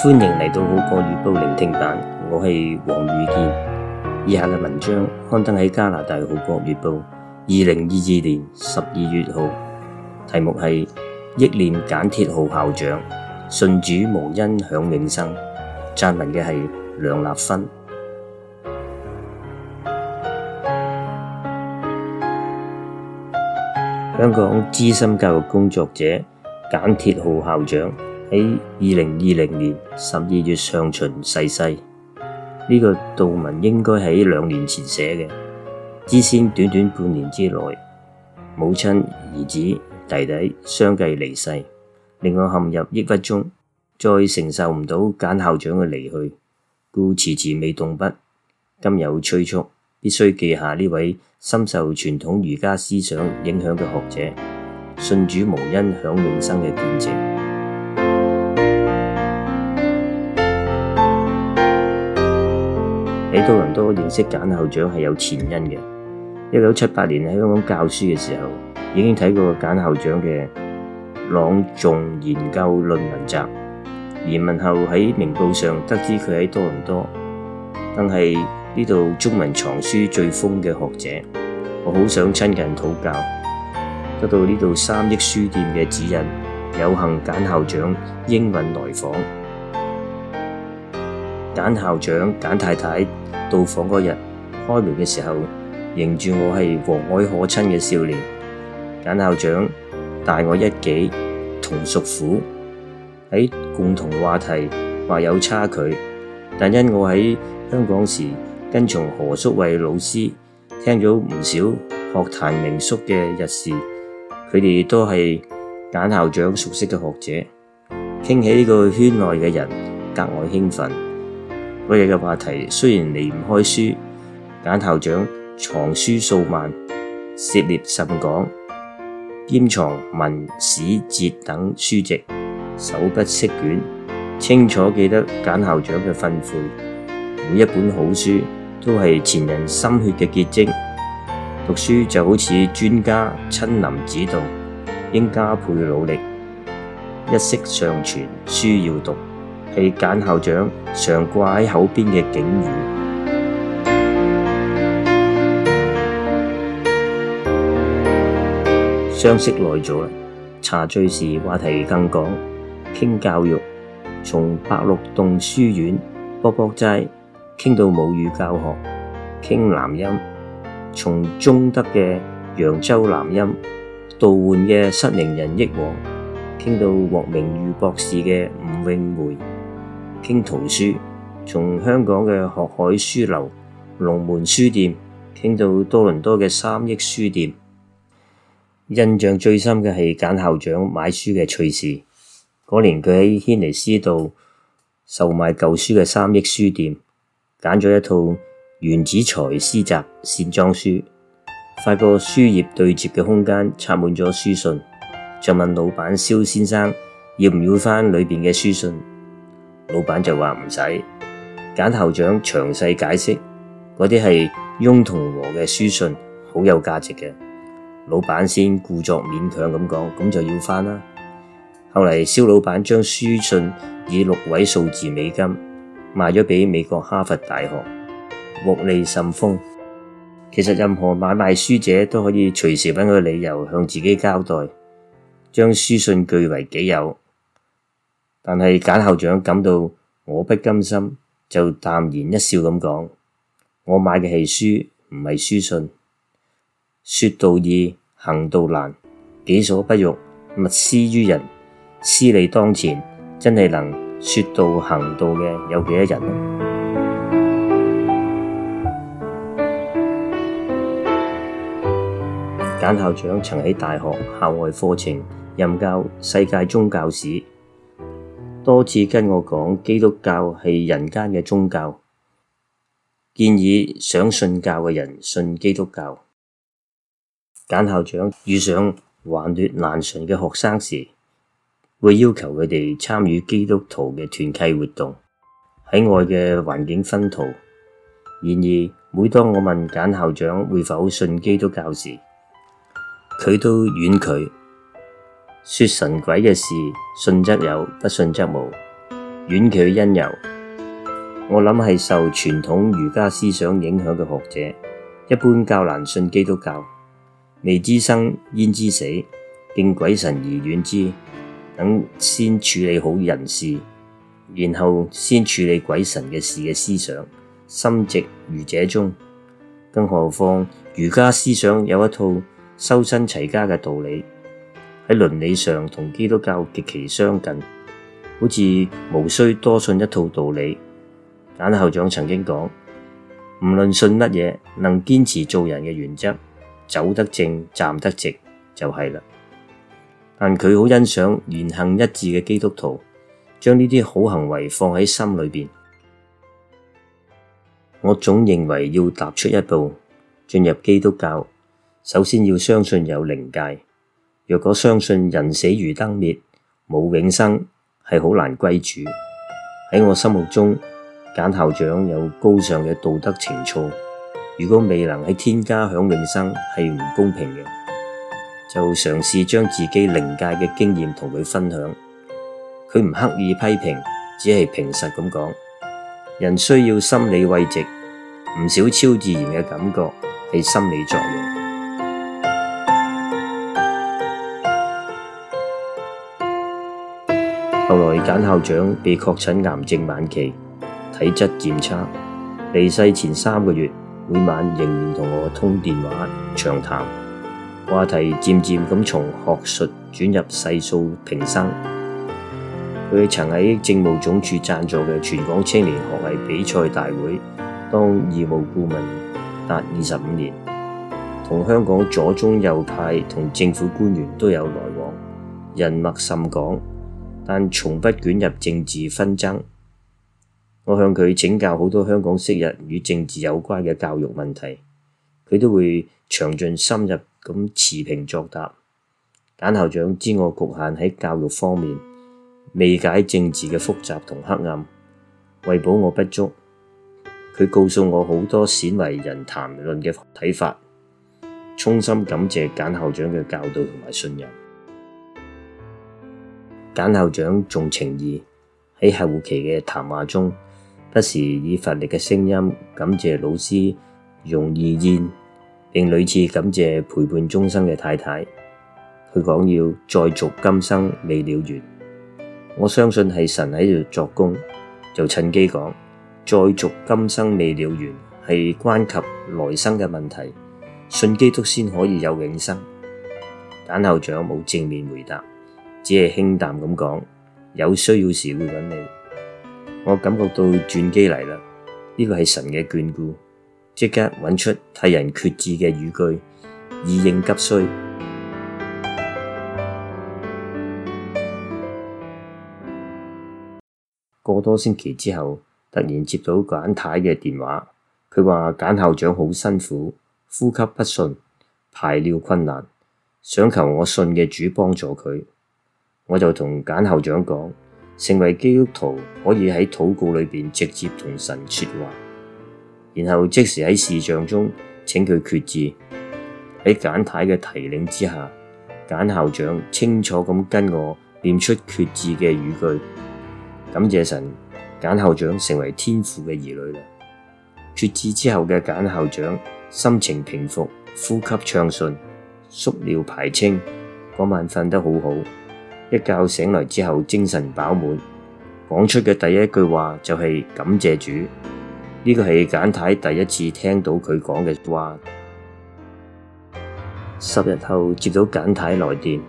歡迎嚟到《號角月報》聆聽版，我係黃宇健。以下嘅文章刊登喺加拿大《號角月報》二零二二年十二月號，題目係《憶念簡鐵浩校長》，信主蒙恩享永生。撰文嘅係梁立芬，香港資深教育工作者簡鐵浩校長喺二零二零年十二月上旬逝世，世，呢、這個悼文應該喺兩年前寫嘅。之先短短半年之內，母親、兒子、弟弟相繼離世，令我陷入抑鬱中，再承受唔到簡校長嘅離去，故遲遲未動筆。今有催促，必須記下呢位深受傳統儒家思想影響嘅學者，信主蒙恩享永生嘅見證。多倫多認識簡校長係有前因嘅，一九七八年喺香港教書嘅時候，已經睇過簡校長嘅《朗誦研究論文集》，移民後喺明報上得知佢喺多倫多，更係呢度中文藏書最豐嘅學者，我好想親近討教，得到呢度三益書店嘅指引，有幸簡校長英文來訪。簡校長、簡太太到訪嗰日，開門嘅時候，迎住我係和藹可親嘅少年。簡校長大我一幾，同屬虎喺共同話題，話有差距，但因我喺香港時跟從何淑慧老師，聽咗唔少學壇名宿嘅日事，佢哋都係簡校長熟悉嘅學者，傾起呢個圈內嘅人，格外興奮。今日嘅話題雖然離唔開書，簡校長藏書數萬，涉獵甚廣，兼藏文史哲等書籍，手不釋卷，清楚記得簡校長嘅吩咐。每一本好書都係前人心血嘅結晶，讀書就好似專家親臨指導，應加倍努力，一息尚存，書要讀。係簡校長常掛喺口邊嘅警語。相識耐咗啦，茶敘時話題更廣，傾教育，從白鹿洞書院、卜卜齋傾到母語教學，傾南音，從中德嘅揚州南音，杜煥嘅失明人憶往，傾到獲名譽博士嘅吳詠梅。傾圖書，從香港嘅學海書樓、龍門書店，傾到多倫多嘅三益書店。印象最深嘅係簡校長買書嘅趣事。嗰年佢喺軒尼詩道售賣舊書嘅三益書店，揀咗一套《原子才詩集》線裝書，發覺書頁對接嘅空間插滿咗書信，就問老闆蕭先生要唔要翻裏邊嘅書信。老闆就話唔使簡校長詳細解釋，嗰啲係翁同龢嘅書信，好有價值嘅。老闆先故作勉強咁講，咁就要返啦。後嚟蕭老闆將書信以六位數字美金賣咗俾美國哈佛大學，獲利甚豐。其實任何買賣書者都可以隨時揾個理由向自己交代，將書信據為己有。但係簡校長感到我不甘心，就淡然一笑咁講：我買嘅係書，唔係書信。說道易，行道難。己所不欲，勿施於人。私利當前，真係能說道行道嘅有幾多人？簡校長曾喺大學校外課程任教世界宗教史。多次跟我講基督教係人間嘅宗教，建議想信教嘅人信基督教。簡校長遇上頑劣難馴嘅學生時，會要求佢哋參與基督徒嘅團契活動，喺外嘅環境熏陶。然而，每當我問簡校長會否信基督教時，佢都婉拒。說神鬼嘅事，信則有，不信則無。原其因由，我諗係受傳統儒家思想影響嘅學者，一般較難信基督教。未知生焉知死，敬鬼神而遠之，等先處理好人事，然後先處理鬼神嘅事嘅思想。深植儒者中，更何況儒家思想有一套修身齊家嘅道理。喺倫理上同基督教極其相近，好似無需多信一套道理。簡校長曾經講：無論信乜嘢，能堅持做人嘅原則，走得正、站得直就係啦。但佢好欣賞言行一致嘅基督徒，將呢啲好行為放喺心裏邊。我總認為要踏出一步進入基督教，首先要相信有靈界。若果相信人死如燈滅，冇永生係好難歸主。喺我心目中，簡校長有高尚嘅道德情操。如果未能喺天家享永生係唔公平嘅，就嘗試將自己靈界嘅經驗同佢分享。佢唔刻意批評，只係平實咁講。人需要心理慰藉，唔少超自然嘅感覺係心理作用。後來簡校長被確診癌症晚期，體質漸差，離世前三個月，每晚仍然同我通電話長談，話題漸漸咁從學術轉入細數平生。佢曾喺政務總署贊助嘅全港青年學藝比賽大會當義務顧問達二十五年，同香港左中右派同政府官員都有來往，人脈甚廣。但從不捲入政治紛爭。我向佢請教好多香港昔日與政治有關嘅教育問題，佢都會詳盡深入咁持平作答。簡校長知我局限喺教育方面未解政治嘅複雜同黑暗，為保我不足，佢告訴我好多鮮為人談論嘅睇法。衷心感謝簡校長嘅教導同埋信任。簡校長重情義，喺後期嘅談話中，不時以乏力嘅聲音感謝老師用意宴，並屢次感謝陪伴終生嘅太太。佢講要再續今生未了緣，我相信係神喺度作工，就趁機講再續今生未了緣係關及來生嘅問題，信基督先可以有永生。簡校長冇正面回答。只係輕淡咁講，有需要時會揾你。我感覺到轉機嚟啦，呢個係神嘅眷顧，即刻揾出替人決志嘅語句以應急需。過多星期之後，突然接到簡太嘅電話，佢話簡校長好辛苦，呼吸不順，排尿困難，想求我信嘅主幫助佢。我就同簡校長講，成為基督徒可以喺禱告裏邊直接同神說話，然後即時喺視像中請佢決志。喺簡太嘅提領之下，簡校長清楚咁跟我念出決志嘅語句。感謝神，簡校長成為天父嘅兒女啦。決志之後嘅簡校長心情平復，呼吸暢順，縮尿排清，嗰晚瞓得好好。一覺醒來之後，精神飽滿，講出嘅第一句話就係感謝主。呢個係簡太第一次聽到佢講嘅話。十日後接到簡太來電，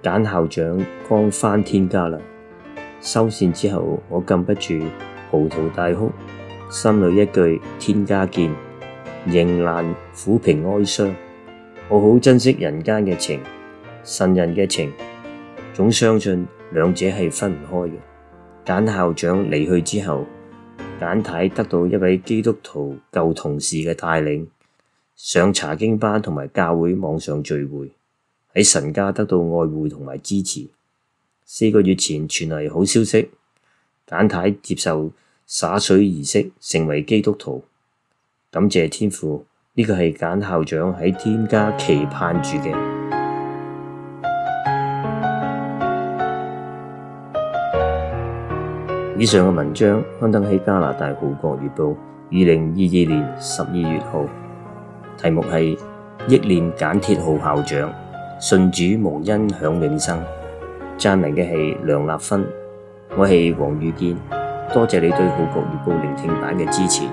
簡校長剛返天家啦。收線之後，我禁不住嚎啕大哭，心裏一句天家見，仍難撫平哀傷。我好珍惜人間嘅情，神人嘅情。總相信兩者係分唔開嘅。簡校長離去之後，簡太得到一位基督徒舊同事嘅帶領，上查經班同埋教會網上聚會，喺神家得到愛護同埋支持。四個月前傳嚟好消息，簡太接受灑水儀式，成為基督徒。感謝天父，呢個係簡校長喺天家期盼住嘅。以上嘅文章刊登喺加拿大《號角月報》二零二二年十二月號，題目係《憶念簡鐵浩校長》，信主蒙恩享永生。撰文嘅係梁立芬，我係黃宇健。多謝你對《號角月報》聆聽版嘅支持。